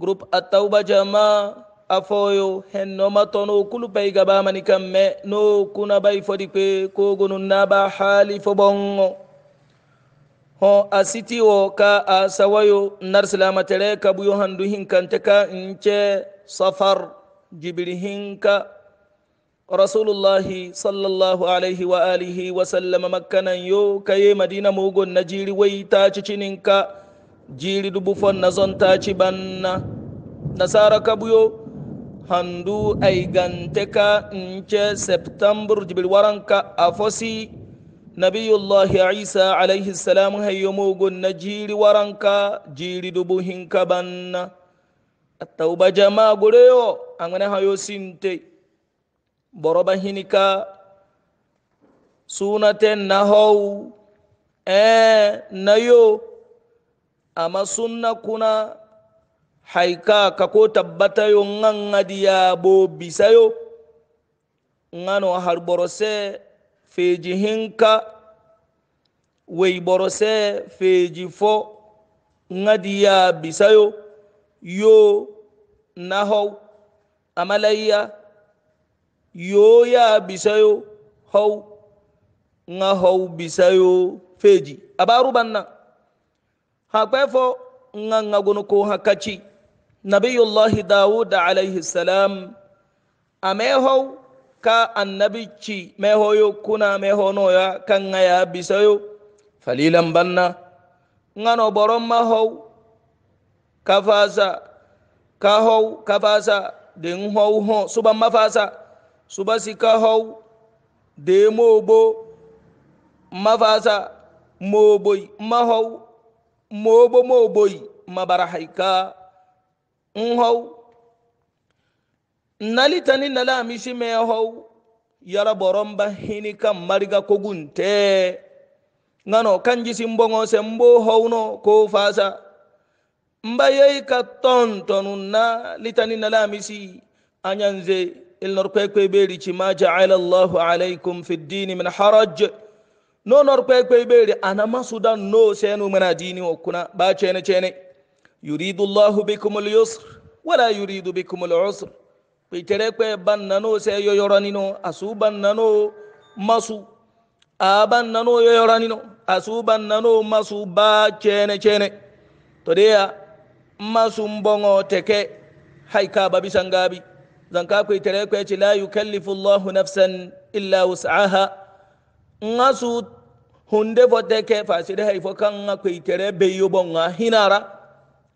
Grup atau atauba jama afoyo henno matono kulu bay gaba mani kamme no kuna bay fodi pe ko gonu naba hali ho asiti wo ka asawayo nar salama tere ka bu yohandu hinkante ka safar jibril hinka rasulullah sallallahu alaihi wa alihi wa sallam makkanan yo kayi madina mugo najiri waita cicininka jiiri du bufon na zontaaci banna nasara kabuyo handu ay ganteka nce septembre jibil waranka a fosi nabiyullahi isa alayhi salamu hayyomogon na jiiri waranka jiiri du buhinka banna attauba jama goreyo angane hayo sinte boroba hinika sunaten nahow e nayo ama sunna kuna haika ka ko tabbata yo ngangadi ya bo bisayo ngano har borose feji hinka wey borose feji fo ngadi ya bisayo yo nahow amalayya yo ya bisayo how nga how bisayo feji abaru banna hakwefo ngangagunu ko hakaci nabiyullahi dawud alayhi salam ameho ka annabi ci mehoyo kuna mehonoya kan ngaya bisayo falilan banna ngano boron maho kafasa kaho kafasa din ho ho suban mafasa subasi kaho de mobo mafasa moboi maho mobo moboi mabara haika in hau nalitani nalamishi me hau yara boron ba kan mariga kogunte ngano kanji simbongo sembo hauno ko fasa mbayei ka tontonu na litani nalamisi anyanze ilnorkwekwe berici ma jaala allahu alaikum fi ddini min haraj no norkwekwe ɓeeri anama sudan no seenu mena dini o kuna ɓa cene yuridu llahu bikum lyusr wala yuridu bikum lusr kpitere kwe bannano se yoyoranino asu bannano masu a bannano yoyoranino asu bannano masu ba chene chene todea masu mbongo teke hayka babisangabi zanka kpitere kwe ci la yukallifu llahu nafsan illa wus'aha nga mm, su hunde fo te ke fasire hay fo kan nga kwe itere beyo bo nga hinara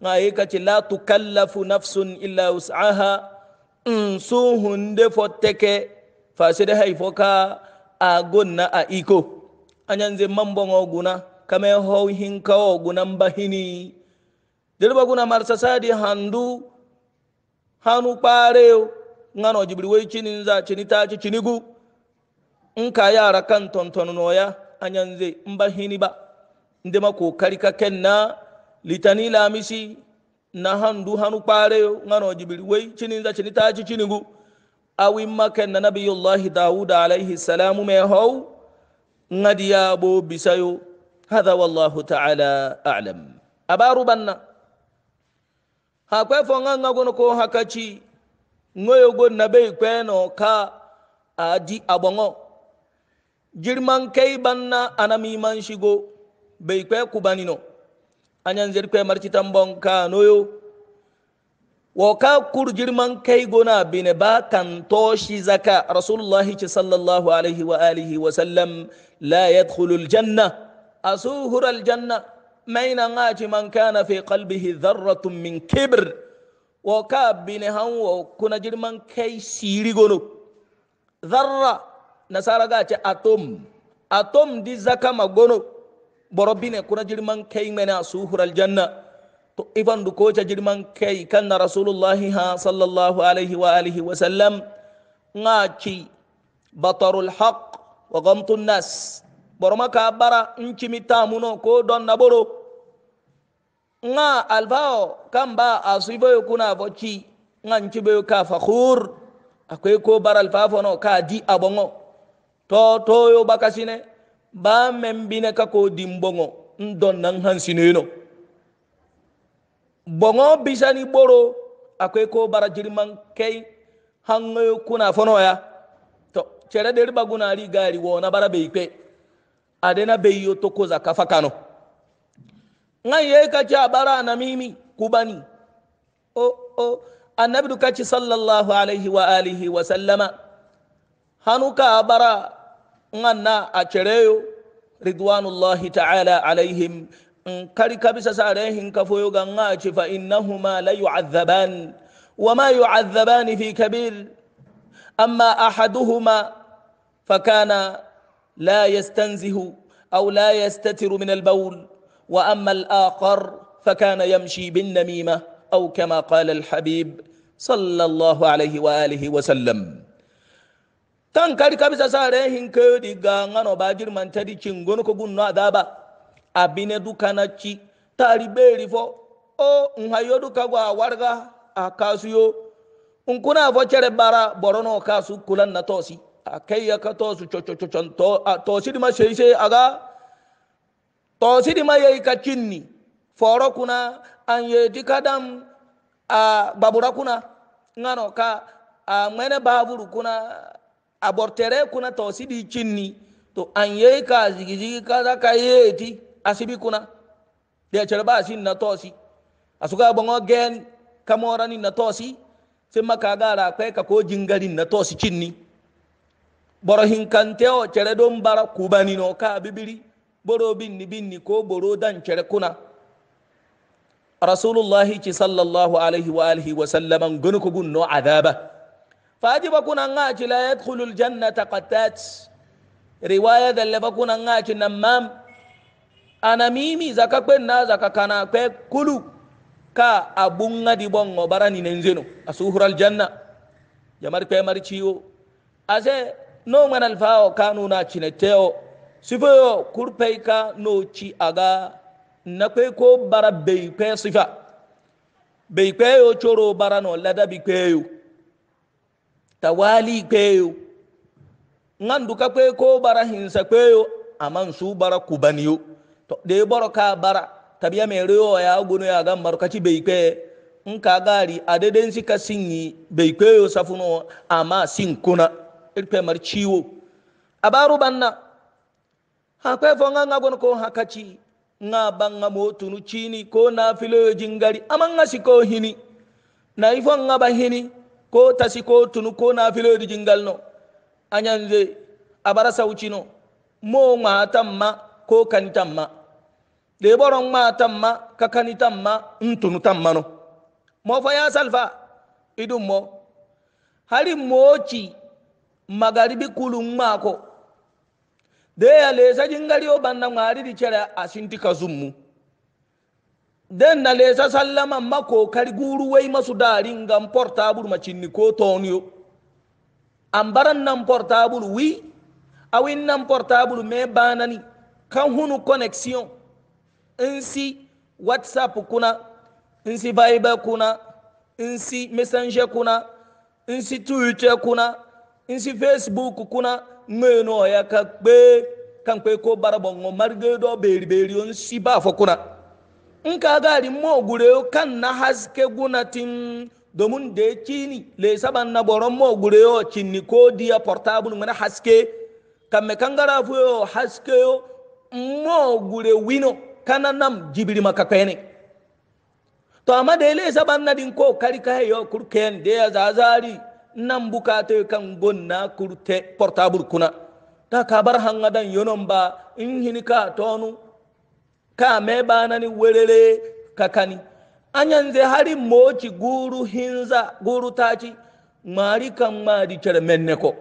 nga ye kati la tukallafu nafsun illa usaha nsu hunde fo te ke fasire hay fo ka a gonna a iko anyanze mambo nga oguna kame ho hinka oguna mbahini dilba guna marsa sadi handu hanu pareo nga no jibri wechini nza chini tachi chini gu in ka yara kan tontonoya anyan zai in ba hini ba inda ma kokari ka ken na litani lamisi na handu hanu kpare ngano jibiri wai cinin za cini ta ci cinigu awi maken na nabiyullahi dawud alaihi salamu mai hau ngadiya bo bisayo hada wallahu ta'ala a'lam abaru banna ha kwe fonga ngagono ko hakachi ngoyo go bai kweno ka aji abongo jirman kai banna anami man shigo bai kwe kubanino anyan zirkwe marcitan bon kanoyo wa ka kur jirman kai gona bine ba kan toshi zaka rasulullahi ci sallallahu alaihi wa alihi wa sallam la yadkhulul janna asuhur aljanna maina ngaci man kana fi qalbihi dharratun min kibr wa ka bine han wa kuna jirman kai siri dharra nasara ga ce atom atom di zaka magono borobine kuna jirman kai mena su hural janna to ifan du ko ta jirman kai kan na rasulullahi ha sallallahu alaihi wa alihi wa sallam ngaci batarul haqq wa ghamtun nas boroma ka bara nci mitamuno ko don na boro nga albao kamba asiboyo kuna voci nga nci boyo ka fakhur akwai ko bara alfafo no ka di abongo to toyo bakasine ba men bine ka ko di mbongo ndon nan hansine no bongo bisani boro akwai ko bara jirman kai hanyoyi kuna fono ya to cere da riba guna ri gari wona bara bai kwe a dina bai yi to koza kafa kano nan yi ka ci a bara na mimi kubani o o annabi duka ci sallallahu alaihi wa alihi wa sallama hanuka abara nganna acereyo ridwanullahi taala alaihim nkali kabisa sarehin kafoyo gangaci fa innahuma la yuadhaban wama yuadhabani fi kabir amma ahaduhuma fakana la la yastanzihu min albawl wa amma al من fakana yamshi bin namima يمشي kama qala al-habib sallallahu alayhi wa alihi wa sallam tan kari kabisa sare hin kayo diga ngano ba jirman tadi kingon ko gunno adaba abine na ci tari beri fo o nhayo duka gwa warga a kasu kasuyo nkuna fo cere bara borono kasu kulan na tosi akayya ka tosu chochochon to tosi di ma sheise aga tosi di ma yayi ka cinni foro kuna an ye dikadam a babura kuna ngano ka a mene baburu kuna a bortere kuna tawsidi cinni to an yei ka zigi zigi kaza ka yeti asibi kuna de cerba asin na tosi asuka bongo gen kamora ni na tosi sema ka gara kwe ka ko jingari na tosi cinni boro hinkanteo cere don bara kubani no ka bibiri boro binni binni ko boro dan cere kuna rasulullahi ci sallallahu alaihi wa alihi wa sallaman gonu ko gunno azaba فادي بكون انغاج لا يدخل الجنة قتات رواية اللي بكون انغاج نمام أنا ميمي زكا كنا زكا كنا كلو كا أبونا دي بونغو براني ننزنو أسوهر الجنة يمر كي مريشيو ازي نو من الفاو كانوا ناتشنتيو سفو كوربي نو نوشي أغا نكوي كو برا بيكوي صفا بيكوي يو چورو برانو لدى بيكوي tawali kweyo ngan duka kwe ko bara hinsa kweyo aman su bara kubaniyo to de boro ka bara tabiya me riyo ya gunu ya gan baro kaci bai kwe in ka gari adeden si sinyi bai kweyo safuno ama sin kuna irpe mar ciwo abaru banna ha kwe fo nga nga ko hakaci nga banga motunu cini ko na filo jingari aman nga siko hini na ifo nga ba hini ko tasi ko tunu ko nafiloyodi jingalno ayanze abara saucino mo ŋmatanma ko kanitanma leboro ŋmatanma ka kanitanma ntunu tanmano mofo yasalfa idummo hari moci magaribi kulu ŋmako a lesa jingariyo banna ŋmaridi cere asinti ka zummu den na lesa sallama mako kokari guru wai masu dari ngam portable macinni ko tonyo ambaran nan portable wi awin nan portable me banani kan hunu connexion insi whatsapp kuna nsi viber kuna nsi messenger kuna nsi twitter kuna nsi facebook kuna ngeno ya ka kan kwe ko barabongo marge do beri beri on si ba kuna in ka gari mo gure kan na haske gunatin domin da ya kini le saban na boron mo gureyo cinni ko diya portable mana haske kan me fu fuyo haske yo mo gure wino kana nam jibiri makakene to amma da le saban na din ko kari ka yo kurken da ya zazari nan bukata kan gonna kurte portable kuna ta kabar hangadan yonon ba in hinika tonu ka me ni werere kakani anyanze hari moci guru hinza guru taci mari kan mari cere menne ko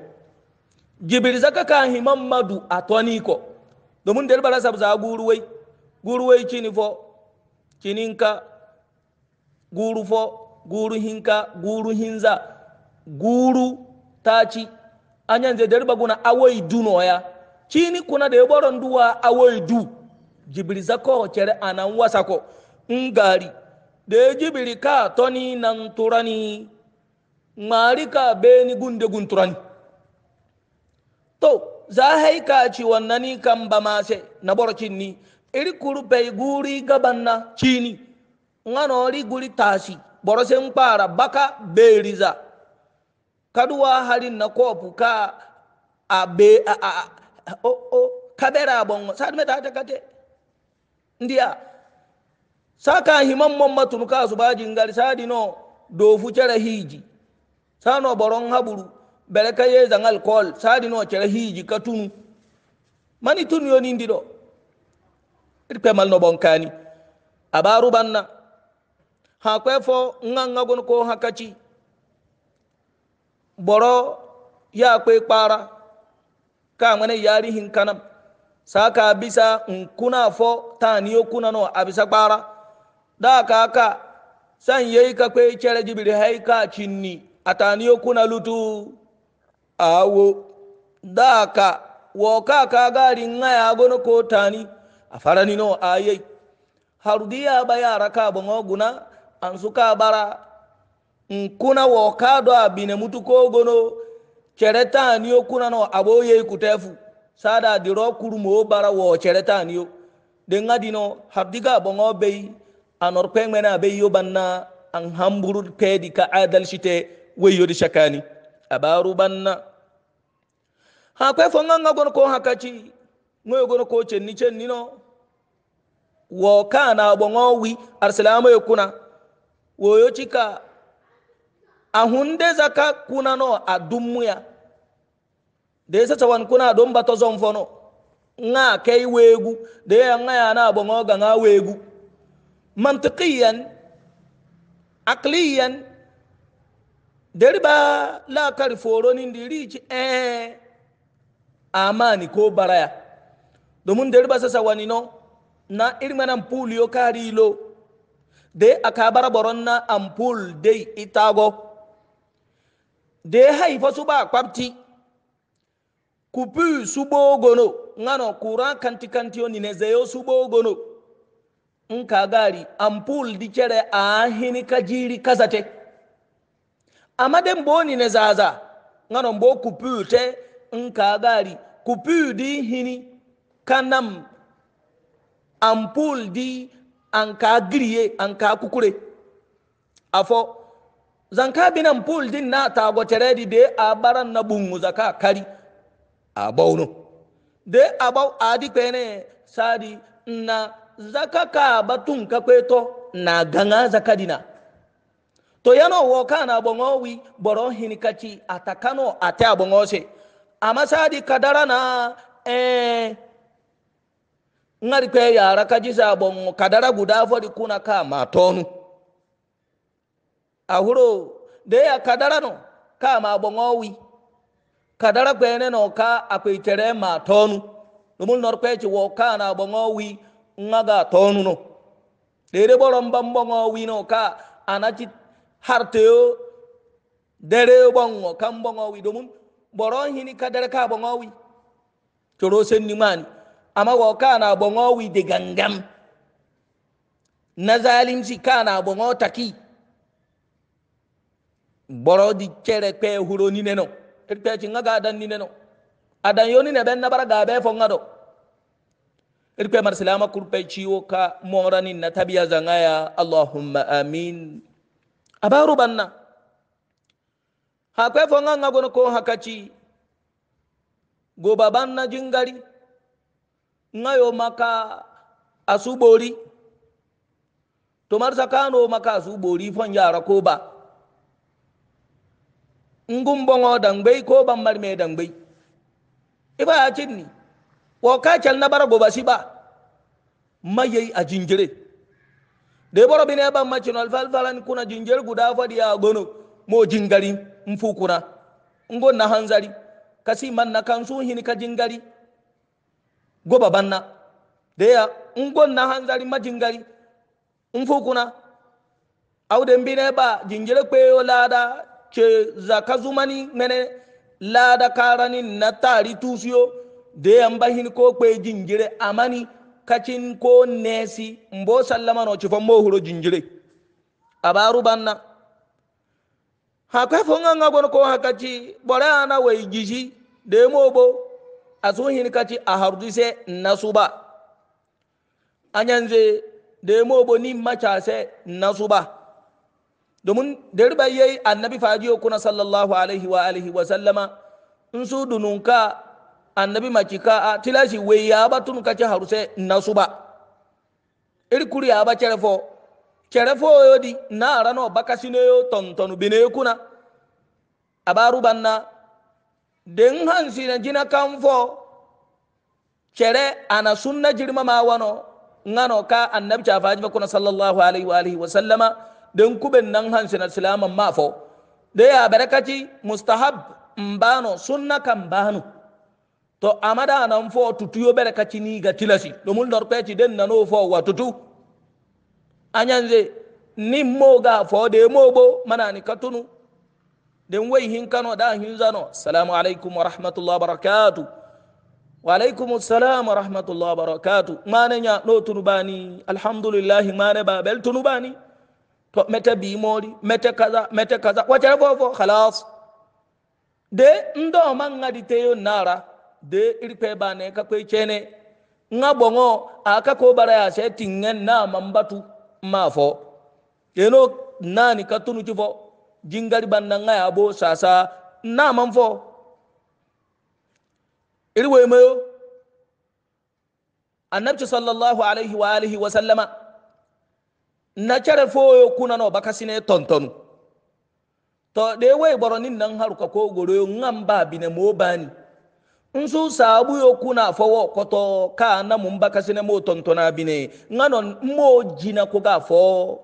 jibiri zaka ka himan madu a toni ko domin da bara sabza guru wai guru wai cini fo cininka guru fo guru hinka guru hinza guru taci anyanze da guna awai dunoya cini kuna da ya baron duwa awai du jibiri zako chere anawa sako ngari de jibiri ka toni nan turani marika beni gunde gunturani. turani to za hai ka ci wannani kan ba ma se na borcin iri kuru bai guri gabanna chini ngano ri guri tasi borose mpara baka beriza Kadua hari na ko buka abe a a o o kabera bongo sadme ta ta kate ndiya saka himan momma tunuka subaji ngal sadi no dofu cara hiji sano boron haburu bereka ye zangal kol sadi no cara hiji katunu mani tun yoni ndido irpe mal no bonkani abaru banna ha kwe fo nganga gon ko hakati boro ya kwe kpara ka mane yari hin kanam saka bisa nkuna fo taniyo kuna no abisa kpara da kaka san yayi ka kwe chere jibiri hai ka chinni ataniyo kuna lutu awo da ka wo ka ka gari nga ya gono ko tani ni no ayei harudiya bayara ka bongo guna an suka bara nkuna wo ka do abine mutu ko gono chere taniyo kuna no aboye kutefu sada diro kurmo bara wo cereta niyo den adino habdiga bongo bei anor pengmena bei yo banna an hamburu pedi ka adal shite weyo di shakani abaru banna ha kwe fonga ngagon ko hakachi ngoyo gono ko chenni chenni no wo kana bongo wi arsalamu yakuna woyo chika ahunde zaka kuna no adumuya dese sawan kuna don bata zon fono nga kai wegu da ya nga ya na bongo ga nga wegu mantiqiyan aqliyan derba la kari foro ni diri ci eh amani ko baraya domin derba sasa wani no na irmanan pool yo lo de aka bara boron na ampul dai itago de haifa su ba kwabti kupi subogono ngano kura kanti kanti kantiyo nine zeyo subogono nka gari ampul dicere ahini kajiri kazate amade mbo nine zaza ngano mbo kupute nka gari kupudi hini kanam ampul di anka griye anka kukure afo zanka bina pul din na tagotere di de a baran na bungu zaka kari Abau no de abau adi kwene sadi na zakaka ka batun ka na ganga zakadina to yano wo kana bongo wi boro hinikachi atakano ate abongo se amma sadi kadara na eh ngari kwe yara kaji sa bongo kadara guda fodi kuna ka matonu ahuro de ya kadara no kama bongo wi kadara kwene no ka akwitere ma tonu dumul nor kwechi wo ka na bongo wi ngaga tonu no dere borom bam bongo wi no ka anachi harteo dere bongo kam bongo wi dumul boron hini kadara ka bongo wi coro sen ni mani amma wo ka na bongo wi de gangam na zalimci ka na bongo taki boro di chere kwe huro ni neno no irte cinga ga dan ni neno adan yoni ne ben nabara ga be fonga do irpe mar salama kurpe ciwo ka morani na tabiya zangaya allahumma amin abaru banna ha kwe nga gono ko hakachi go baban na jingari yo maka asubori tomar sakano maka asubori fon yara ko ba ngum bongo dangbai ko ban mar me dangbai iba ya cinni wa ka kel na bara goba si siba maye a jingire de boro bine ban ma cinol fal falan kuna jingir guda fadi ya gono mo jingari mfu kuna ngo na hanzari kasi man na kansu hin ka jingari goba banna de ya ngo na hanzari ma jingari mfu kuna au de bine ba jingire kweyo lada ke zaka zumani mene lada karani na tari tusiyo da yan bahin ko kwe jingire amani kacin ko nesi mbo sallama no cifan mo huro jingire abaru banna haka fonga ngagon ko hakaci bore ana wai gizi da mobo asuhin kaci a hardise nasuba anyanze da bo ni macase nasuba domin derba yi annabi fajiyo kuna sallallahu alaihi wa alihi wa sallama in su dununka annabi makika a tilashi wai ya ba tun kace haruse nasu ba iri kuri ya ba kerefo kerefo yodi na rano bakasine yo tontonu bine kuna abaru banna den hansi na jina kanfo kere ana sunna jirma ma wano ngano ka annabi ta fajiba kuna sallallahu alaihi wa alihi wa sallama den kuben nan hansi na silaman mafo da ya barakaci mustahab mbano sunna kan bano, to amada nan fo tutuyo barakaci ni ga tilasi domin norpeci den nano fo wa tutu anyanze ni mo ga fo de bo mana ni katunu den wai hin kano da hin zano assalamu alaikum wa rahmatullahi wa barakatuh waaleykum salam warahmatullah wabarakatu manenya ɗo tunubani alhamdulillahi mane babel tunubani to mete bimori mete kaza mete kaza wacere fofo halas de ndo mangadi teyo nara de irpe bane ka kwe chene nga bongo aka ko bara ya se tingen na mambatu mafo yeno nani katunu chifo jingari banda nga ya bo sasa na mamfo irwe mayo annabci sallallahu alaihi wa alihi wa sallama na care foyo kuna na baka sine tontonu to de wai boro nin nan haruka ko goro ngam ba bine mo bani nsu sabu yo kuna fowo koto ka na mun baka sine mo tontona bine ngano mo jina ko ga fo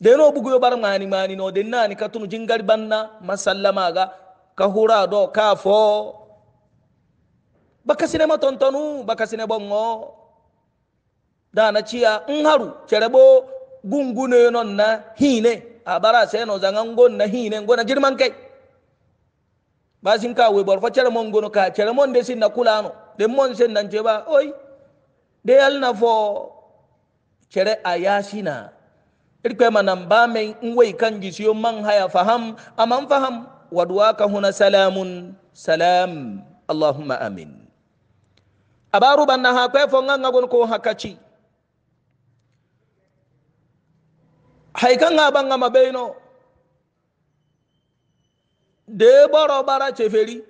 de no bugu yo bar mani mani no de nani katunu jingar banna masallama ga ka hura do ka fo baka sine mo tontonu baka sine bongo dana ciya in haru cerebo gungune non na hine a bara sai no zangan gon na hine gona girman kai basin ka we borfa ceremon gono ka ceremon de sin na kulano de mon sen nan ba oi de al na fo cere ayasina er ma manan ba mai in wai kan gisiyo man haya faham aman faham wadwa ka huna salamun salam allahumma amin abaru banna ha kwe fo nganga gon ko hakaci haikan aban ga mabaino da ya baro bara ceferi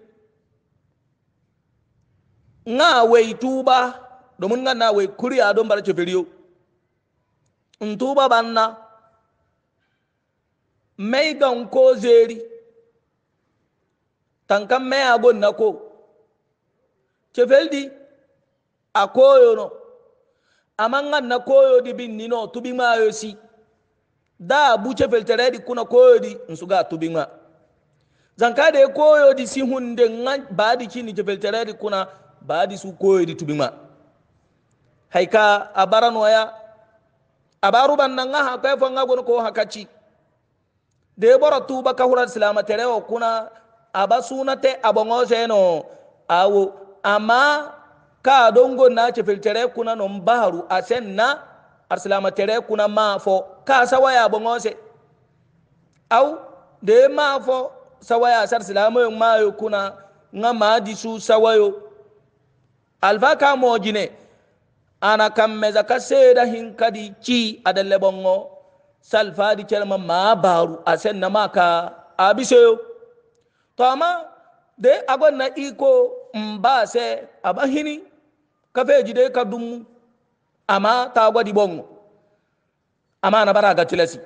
nga wai tuba domin nga na wai kuriya don bara ceferi yo in tuba ban na mai gan ko zeri tankan mai agon na ko cefeldi a koyo no amma nga na koyo di bin nino tubi ma yo si da buce di kuna koyodi nsuga de zankade di si hunde nga ba baadi kini je felteredi kuna di su koyodi tubinga haika abaranoya abaruban nan nga hakai fo nga gono ko hakaci de boro tuba ka hurar silama terewo kuna aba sunate abongo seno awo ama ka dongo na ce feltere kuna non baharu asen na arsilama tere kuna mafo ka sawaya bongose au de mafo sawaya sarsilama yung mayo kuna nga madisu sawayo alfa ka mojine ana kammeza ka seeda hinkadi ci adalle bongo di cerma ma baru asenna ma ka abiseyo to ama de na iko mbase aba hini kafeji de ka amma ta gwadi bongo amma na bara ga tilasi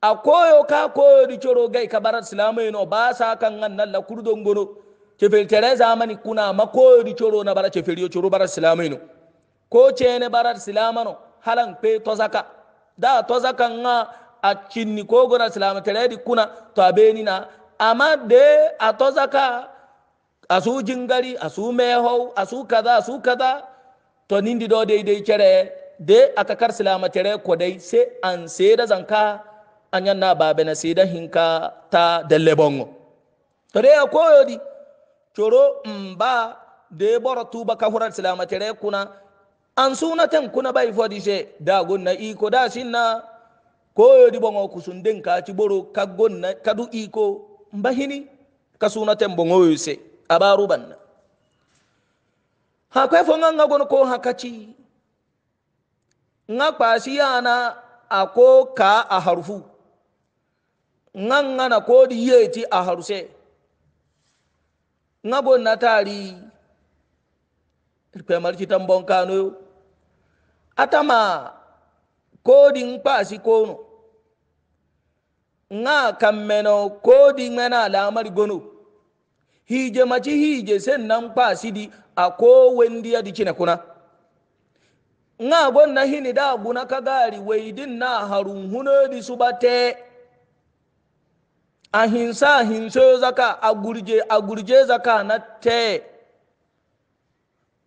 a koyo ka koyo di coro gai ka bara silamai no ba sa kan nan nan la kurdon gono cefel tere zamani kuna ma koyo di coro na bara cefel yo coro bara silamai no ko cene bara silama no halan pe tozaka da tozaka nga a cinni ko gona silama tere di kuna to abeni na amma de a tozaka a su jingari a su mehau a su kaza a su kaza to nindi ɗo dey dey cere de aka kar silama tere ko dey se an seeda zanka a yanna babe na seeda hinka ta delle bongo to dey a koyodi coro mba de boro tuba ka hurar silama tere kuna an suna ten kuna bai fodi se da gonna iko da sinna koyodi bongo kusun den ka ci boro ka gonna kadu iko mba hini ka suna ten bongo yuse abaru banna ha kwe fo nga gono ko hakaci nga kpasi yana ako ka a harufu nga na ko di yeti a haruse nga bon natari kwe marci tambon kano atama ko di kpasi kono nga kammeno ko di mena lamar gono hije maci hije sen nan kpasi di a ko diki dikina kuna nga na hini da guna gari waidin na harun hunodi subate a hinsa hinso zaka a gurje a zaka na te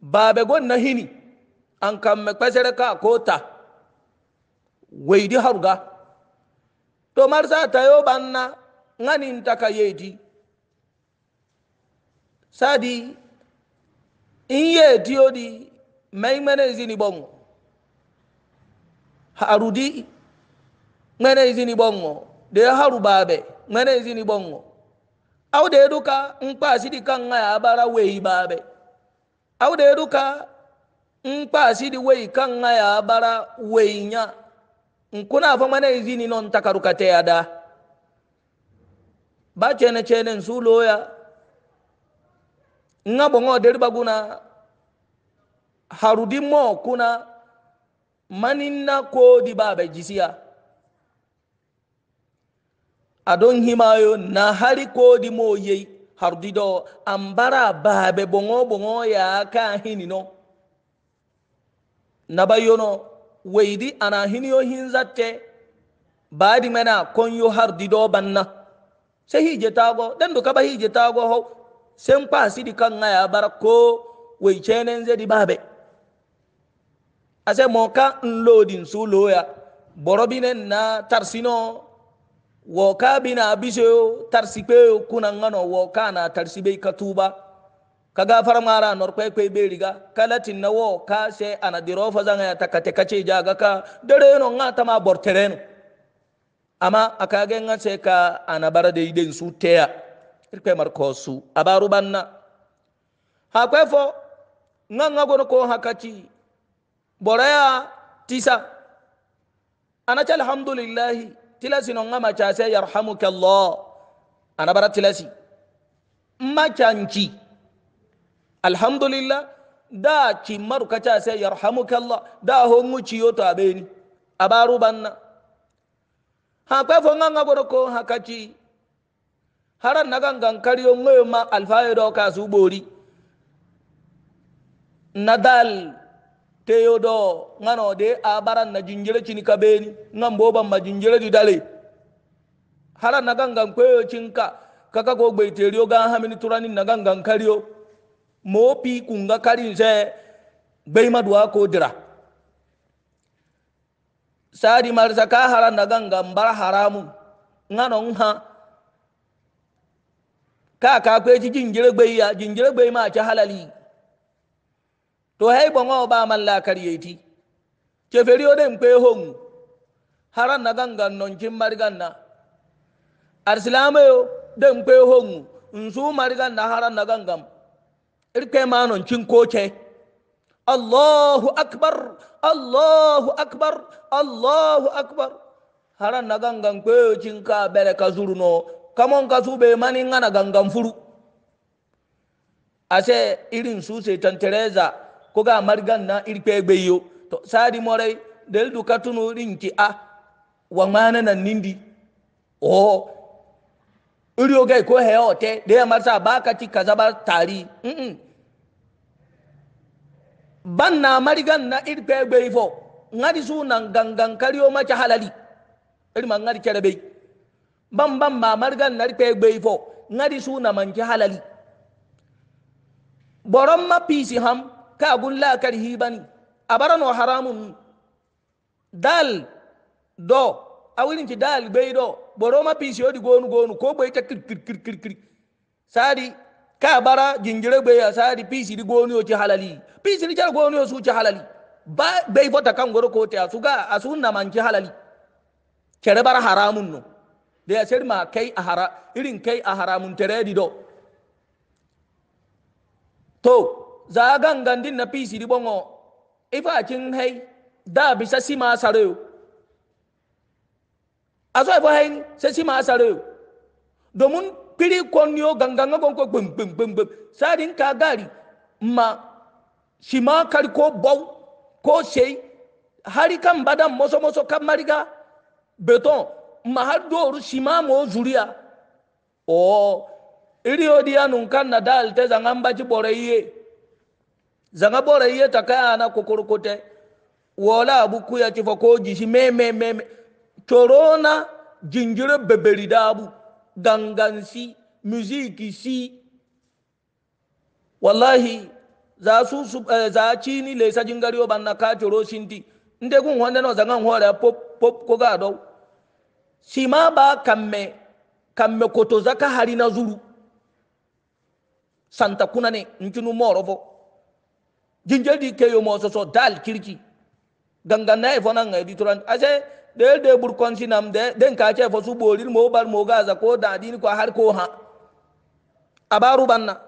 babe na hini an kan me kpesere ka kota waidi haruga to marsa tayo banna ngani ntaka yedi sadi inye diodi maimene izini bongo harudi mene izini bongo de haru babe mene izini bongo au de duka mpa sidi kanga ya bara wei babe au de duka mpa sidi wei kanga ya abara wei nya nkuna fa mene izini non takaruka te ada ba chene chene nsulo ya nga bongo deriba guna harudinmo kuna maninna kodi babe jisiya adon himayo na hari kodi mo yei harudido ba babe bongo bongo ya ka hini no nabayono weidi ana hiniyo hinzatte baadi mena konyo hardido banna se hije tago dendo kaba hije tago ho sen pa sidi kan ya bara ko wai chenen zedi babe ase mo ka nlodin su loya borobine na tarsino wo ka bina abiseyo tarsipeyo kuna ngano wo ka na tarsibe ka tuba kaga mara nor kwe kwe be riga tin na wo ka se ana dirofa zanga ya takate kace jaga ka dare no nga ma bortereno amma akage nga se ka ana bara de iden su teya irkwe marko su abaru banna ha kwe fo nga nga gono ko hakati boreya tisa anaca alhamdulillahi tilasi nonga macase yarhamuka allah ana bara tilasi macanci alhamdulillah da cimmaru kacase yarhamuka allah da hongu ciyo to abeni abaru banna ha kwe fo nganga haran nagangan kariyo ngoyo ma alfayo do kasu bori nadal teyo do ngano de a baran na jinjire cini kabeni ngan boban ma jinjire di dale hara na gangan cin ka kaka go gbe teriyo gan hamini turani na gangan kariyo mo pi kunga karin se gbe maduwa ko dira sadi marsa ka hara na gangan bar haramu ngano nha ka ka kwe ci jinjire gbe ya jinjire gbe ma ci halali to hay bongo ba malla kariyeti ke feriyo den mpe hong haran na gangan non kin marganna arsilama yo de mpe hong nsu marganna haran na gangan irke ma non kin koce allahu akbar allahu akbar allahu akbar haran na gangan kwe cin ka bere ka no kamon ka sube mani ngana gangan furu ase irin su sai tereza. koga margan na irpe gbeyo to sadi morai del du katunu rinki a wa mana nan nindi o uri ogai ko he ote de ya marsa ba ka ti kaza ba tari mm -mm. ban na margan na irpe gbeyo fo ngadi su nan gangan kariyo ma ci halali irma ngadi kere ban ban ma margan na irpe gbeyo fo ngadi su na manki halali boron ma pisi ham ka gun la karhi bani no haramun dal do A wurin ki dal bai do boro ma pisi odi gonu gonu ko bai ta kir kir kir kir kir sadi ka bara jingire bai ya sadi pisi di gonu yo ci halali pisi di jar gonu yo su ci halali ba gbei fota kan goro ko a su asunna man ci halali kere bara haramun no da ya sayar ma kai a hara irin kai a haramun tare di do to zagan gandin na pisi di bongo ifa chin hey da bisa sima sareu azo ifo hey se sima sareu domun piri konyo ganganga gonko gbem gbem gbem gbem sadin ka gari ma shima kari ko bow ko shei hari kan badan moso moso kan mariga beton ma har doru shima mo zuriya o iri odiya nun kan na dal te zangan baci bore iye zanga bora iye takayana kokorokote wola abuku ya chifo ko jishi meme meme chorona jinjire beberidabu gangansi muziki si wallahi za su su eh, za chini le sa jingari o banna ka choro sinti nde gun honde no zanga hore pop pop ko ga do sima ba kamme kamme koto zaka harina zuru santa kuna ne nkinu morovo di keyo mo so dal kirki gangana e fonan ngai di turan ase de de bur nam de den ka fo su bolir mo bar mo gaza ko da din ko har ko ha abaru banna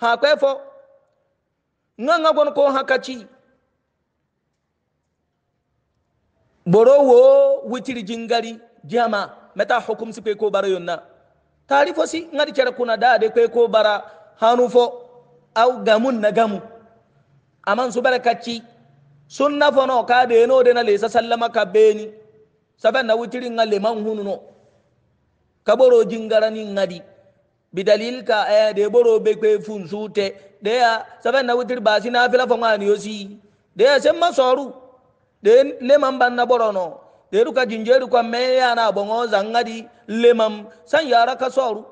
ha kwe fo nganga gon ko ha kachi boro wo witiri jingari jama meta hukum si kwe ko bara yonna tarifo si ngadi cere kuna da de kwe ko bara hanu fo au gamun na gamu aman su bere kacci sun na fono ka da yano da na lesa sallama ka beni saban na wutirin nga leman hunu no ka boro jingara ni nga di bidalil ka eh da ya boro bekwe fun su te da ya saban na wutir ba si na fila fa nga yosi da ya sen masoru da ya leman ban na boro no da ya duka jinjeru kwa me ya na abon oza nga di leman san yara ka soru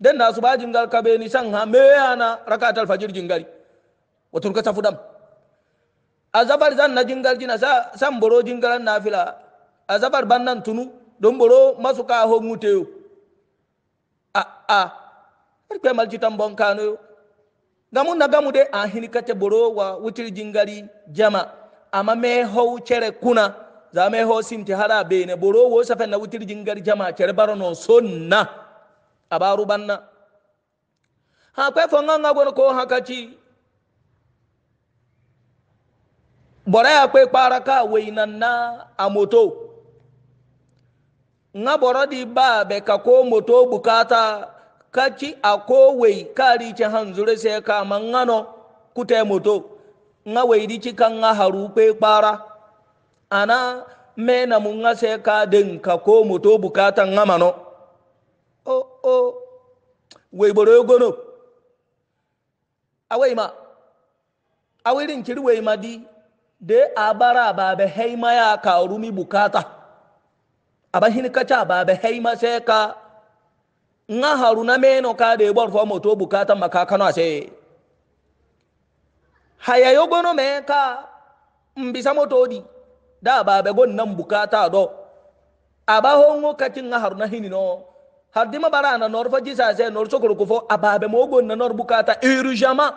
den da su ba jingar ka beni san ha me ya na rakatar fajir jingari watun kasa fudam azabar zan na jingal jina sa san boro jingalan nafila azabar bannan tunu don boro masu ka ho muteyo a a barke malci tambon kano yo gamu na gamu de A hini kate boro wa wutir jingari jama amma me ho cere kuna za me ho hada be bene boro wo safen na wutir jingar jama cere barono sonna abaru banna ha kwe fonga nganga ko hakati bɔra ya kwe kpara ka weina na a moto nga bɔra di ba bɛ ka ko moto bukata ka ci a ko wei ka rice hanzure sai ka ma nga no kute moto nga wei di ci kan nga haru kwe kpara ana mena mu nga sai ka din ka ko moto bukata nga ma no o o oh. wei boro gono a wei ma a wei rin kiri wei ma di de a bara ba babe haima ya ka rumi bukata aba hin ba babe haima sai ka nga haruna meno ka de bor fo moto bukata maka kano ase haya gono me ka sa moto di da ba babe gon nan bukata do aba ka tin nga haruna hinino har dima bara na norfa jisa sai nor sokoro ko fo ba mo gon na nor bukata urgentement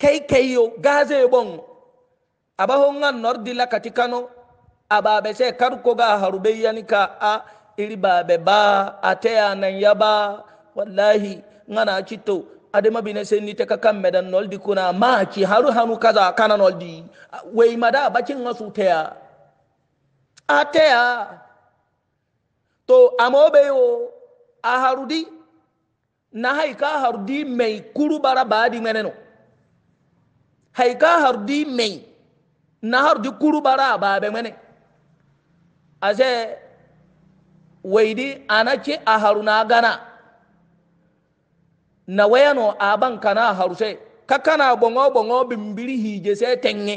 kai kai yo gaze bon aba honga nordi la katikano aba be se karko ga harube yanika a iri ba be ba ate anan ya ba wallahi ngana chito ade mabine sen ni te kakam medan noldi kuna ma ki haru hanu kaza kana noldi wey mada ba kin ngasu te a ate a to amobe yo a harudi na hay ka harudi mai kuru bara ba di menenu hay ka harudi mai naharde kurubara baɓe mene ase weydi anacce a haruna gana na wayano aban kana haruse kakana bongo bongo bimbiri hije se tenge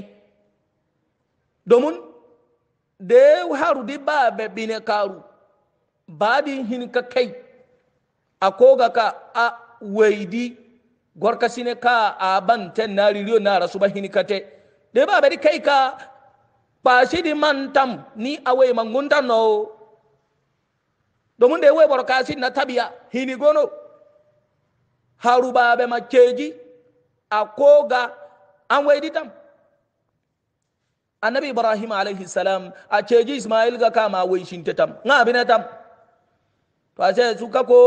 domun de haru di babe bine karu badi hin ka kai akoga ka a weydi gorka sine ka aban ten na ririo na rasuba hin kate te de ba bari kai ka shi di man ni awe mangunta no domin da yawe boro shi na tabiya hini gono haru ba be ma keji akoga an wai ditam annabi ibrahim alaihi salam a keji ismail ga kama wai shin ta tam na bi na tam to sai su ka ko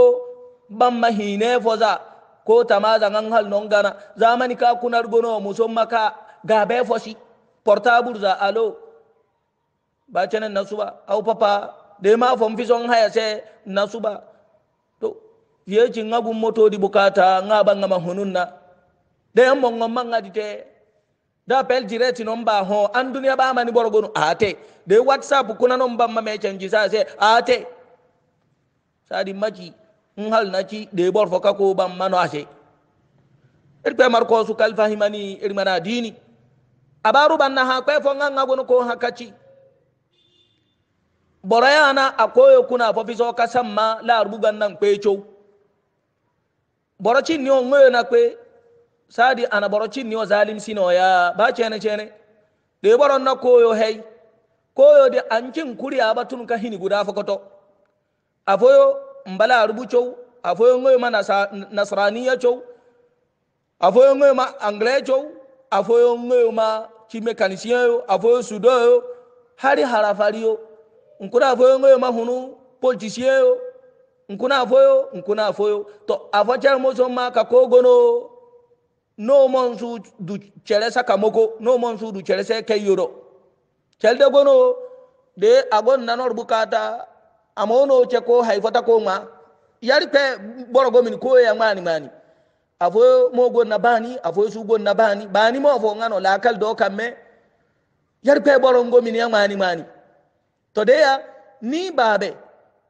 ban mahine foza ko tamaza ngan hal non gana zamani ka kunar gono musomma ka gabe fosi portable za alo ba canan nasu ba au papa da ma fomfi son haya sai nasu ba to yeci ngabun moto di bukata ngaba ngama hununna da yan mon ngama ngadi te da pel direct non ba ho an duniya ba mani borgonu ate da whatsapp kuna non ba ma me canji sa sai ate sadi maji in hal na ci da bor foka ko ban mano ase irpe marko su kalfa himani irmana dini abaru banna ha kwe fo nganga gonu ko hakachi borayana akoyo kuna fo fiso kasamma la arbugan nan kwecho borochi ni ongoyo na kwe sadi ana borochi ni o zalim sino ya ba chene chene de boron na koyo hey koyo de ankin kuri abatun ka hini guda fokoto afoyo mbala cho afoyo ngoyo mana nasraniya cho afoyo ngoyo ma angle cho afoyo ngoyo ma chimécanicien yo avoyo sudo yo hari harafari yo nkuna avoyo ngoyo mahunu politicien yo nkuna avoyo nkuna avoyo to avocar moso ma ka no mon du ceresa kamoko no mon du ceresa keyoro celde gono de agon nanor bukata amono ce ko haifota ko ma yari pe borogomin koyo ya mani mani afo mo na bani afo su gonna bani bani mo afo ngano la kal do kamme yar pe borongo min ya mani mani to de ya ni babe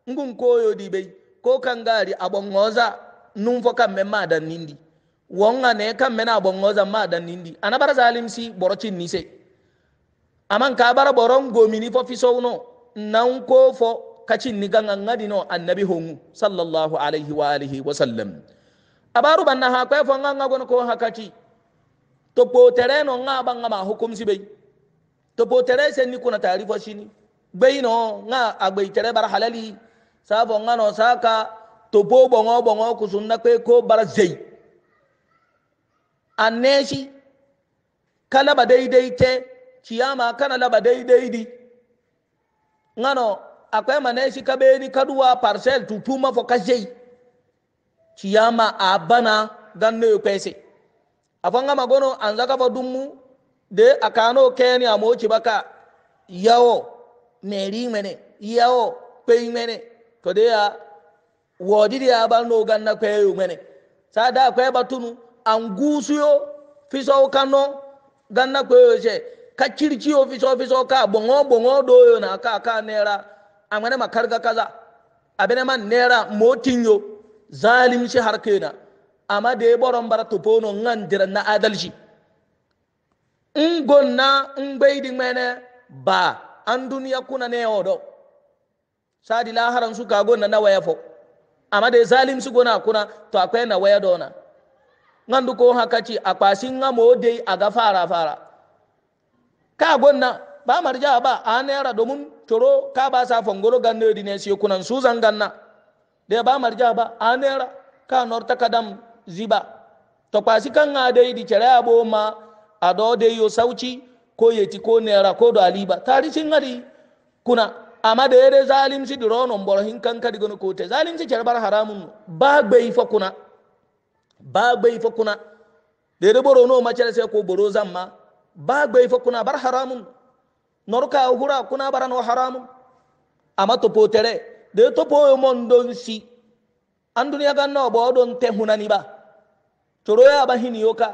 ngun koyo di be ko kangari abongoza num fo kamme ma dan nindi wonga ne kamme na abongoza ma dan nindi anabara zalim si borocin ni se aman ka bara borongo mini fo fisowno nan ko fo kacin ni gangan ngadi no annabi hongu sallallahu alaihi wa alihi wa sallam abaru banna ha kwe fo nganga gon ko hakati to potere no nga banga ma hukum si bei to potere sen ni kuna taarifa shini bei no nga agbe tere bar halali safo nga no saka to po bongo bongo kusunna kwe ko bar zei anneshi kala ba daidai te ciyama kana laba daidai di ngano akwai maneshi kabeni kaduwa parcel tutuma fo kajei ciyama a bana ganno yo kwese afanga magono anzaka ba dummu de akano keni amoci baka yawo neri mene yawo kwei mene to de ya wodidi ya banno ganna kweyo mene sada kwe batunu angusuyo fiso kano ganna kweyo she kacirciyo fiso fiso ka bongo bongo doyo na ka ka nera amane makarga kaza abene man nera motinyo zalimci har kaina amma da ya boron bara tupo no ngan diran na adalci in gonna in baidi mene ba an duniya kuna ne yodo sadi laharan su ka gonna na waya fo amma da zalim su gona kuna to akwai na waya dona ngan duko haka ci akwasin ngamo a ga fara fara ka gonna ba marja ba a naira domin coro ka ba sa fangoro ganne di ne sai kunan su zanganna ya ba marja ba naira ka norta kadam ziba to kwasi kan ha dai di cere abo ma a do de yo sauci ko yeti ko naira ko do aliba tarisin hari kuna amma da yare zalimci da ronon borhin kanka diga na kote zalimci bar haramun ba bai fa kuna ba bai fa kuna da yare boro no mace sai ko boro zamma ba bai fa kuna bar haramun norka hura kuna baran no haramun amma to potere de topoyo mon don si an duniya ganna o ɓo te hunani ba coroya ya hiniyo ka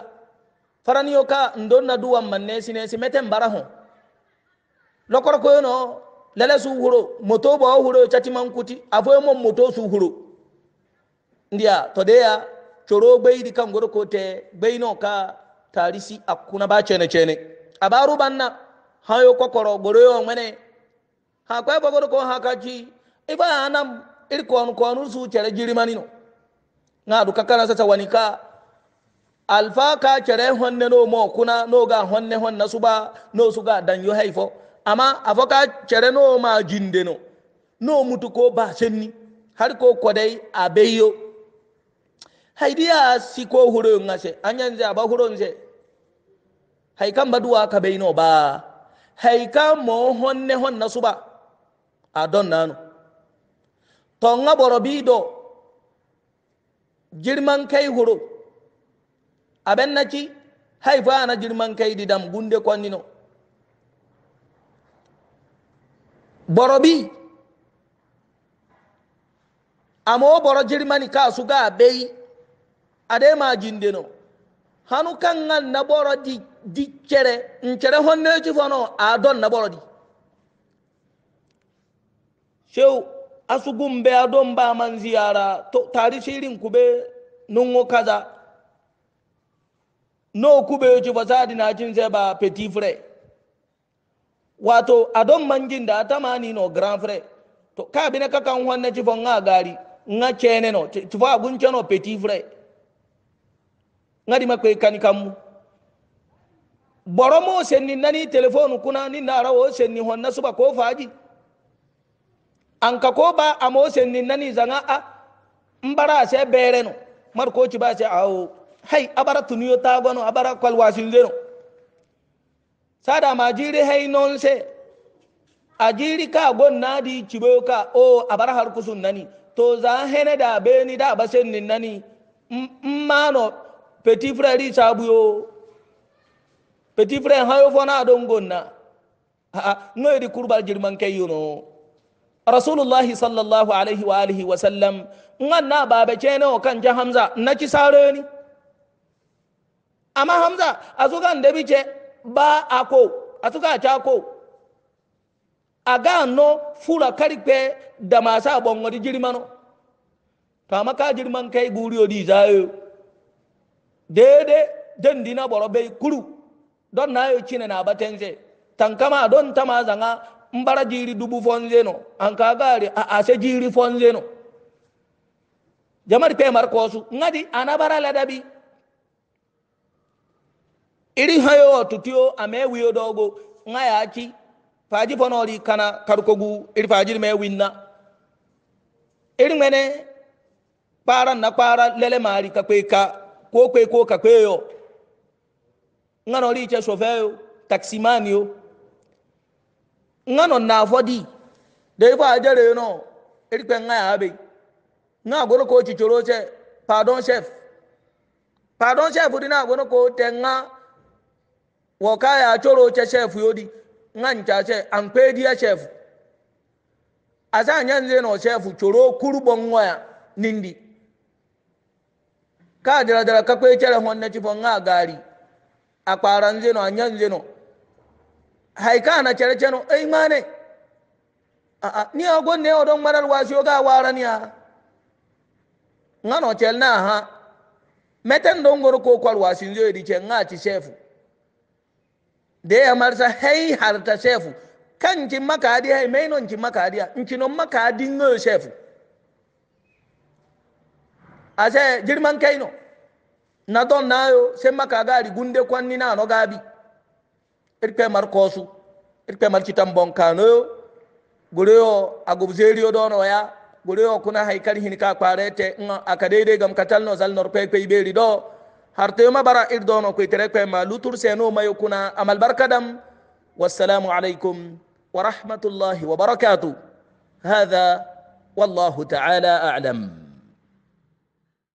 faraniyo ka n don na duwan man nesi nesi meten bara ho lokor koyono lele su huro moto ɓo huro catiman kuti afoyo mon moto su huro ya todeya gbe gbeydi kan goɗo ko te gbeyno ka tarisi akkuna ba cene cene abaru ɓanna hayo kokoro goroyo mene ha koye ɓo ko ha kaci iba anam iri kwanu kwanu su chere jirimani no nga du kakana sasa wanika alfa ka chere honne no mo kuna no ga honne honna suba no su ga dan yo haifo amma k'a chere no ma jinde no no mutu ko ba senni har ko kodai abeyo haidiya si ko huro ngase anyanze aba huro nse haikan baduwa ka beino ba haikan mo honne honna suba adon nanu tonga borobido girman kai huro abin na ci haifa na girman kai didam gunde kwanino borobi amo boro girmani ka su ga bai ade ma jindeno hanu kan nan na boro di di kere nkere honne ci fono adon na boro di shew gumbe a don ba man ziyara to tari shirin kube nungo kaza no kube ji fasadi na cin sai ba petit frère wato adon jin da mani no grand frère to ka bi na kakan wanne ci fon nga gari nga chene no ci fa gun no petit frère nga di kan kanikamu boromo senni nani telephone kuna ni narawo senni na suba ko faji an ka ko ba a mosen ni nani zanga a mbara se bere no mar ci ba se awo hay abara tuniyo ta gono abara kwalwasin zeno sada ma jiri hay non se a jiri ka gon na di cibo ka o abara har kusun nani to za hene da be ni da ba sen ni nani mma no petit frère sabu yo petit frère hayo fona don gonna ha ngoy di kurbal jirman kayuno you know rasulullahi sallallahu alaihi wa alihi wa sallam ngan na baba cene o kan ja hamza na ci saroni amma hamza azuga ndebi ce ba ako azuga ta ko aga no fura karikpe da masa bongo di jirmano to amma ka kai guri odi zayo dede dandi na boro kuru don na yo cine na tankama don tama zanga mbara jiri dubu fonzeno anka gari a ase jiri fonzeno jamari pe mar kosu ngadi anabara ladabi iri hayo tutio ame wiyo dogo ngaya achi faji fonori kana karukogu iri faji me winna iri mene para na para lele mari ka kwe ka kwe ko ka kwe yo ngano ri che chauffeur taximan yo ngano na fodi da ifa ajere no irpe nga ya be nga goro ko ci choro pardon chef pardon chef dina goro ko te nga wo ka ya choro che chef yodi nga ncha che an pe dia chef asa nyanze no chef choro kurbo ngwa ya nindi ka dara dara ka kwe chere honne ci nga gari akpara nze no anyanze no haika na cere ceno ai mane ni a gonne o don marar wasiyo ga waraniya ngano cel na ha meten don goro ko kwal wasin zo di ce nga ci shefu de ya marsa hei harta shefu kan ki maka di hei mai non ki maka di in ki non maka di ngo shefu ase jirman kaino na don nayo sai maka gari gunde kwanni na no gabi irke mar kosu irke mar citan bonkano yo gure yo agub zeriyo ya gure kuna haikal hin ka kwarete nga akadede gam katal no zal norpe pe pe do harte ma bara ir dono ko tere pe ma lutur seno mayo kuna amal barkadam wassalamu alaikum ورحمه الله وبركاته هذا والله تعالى اعلم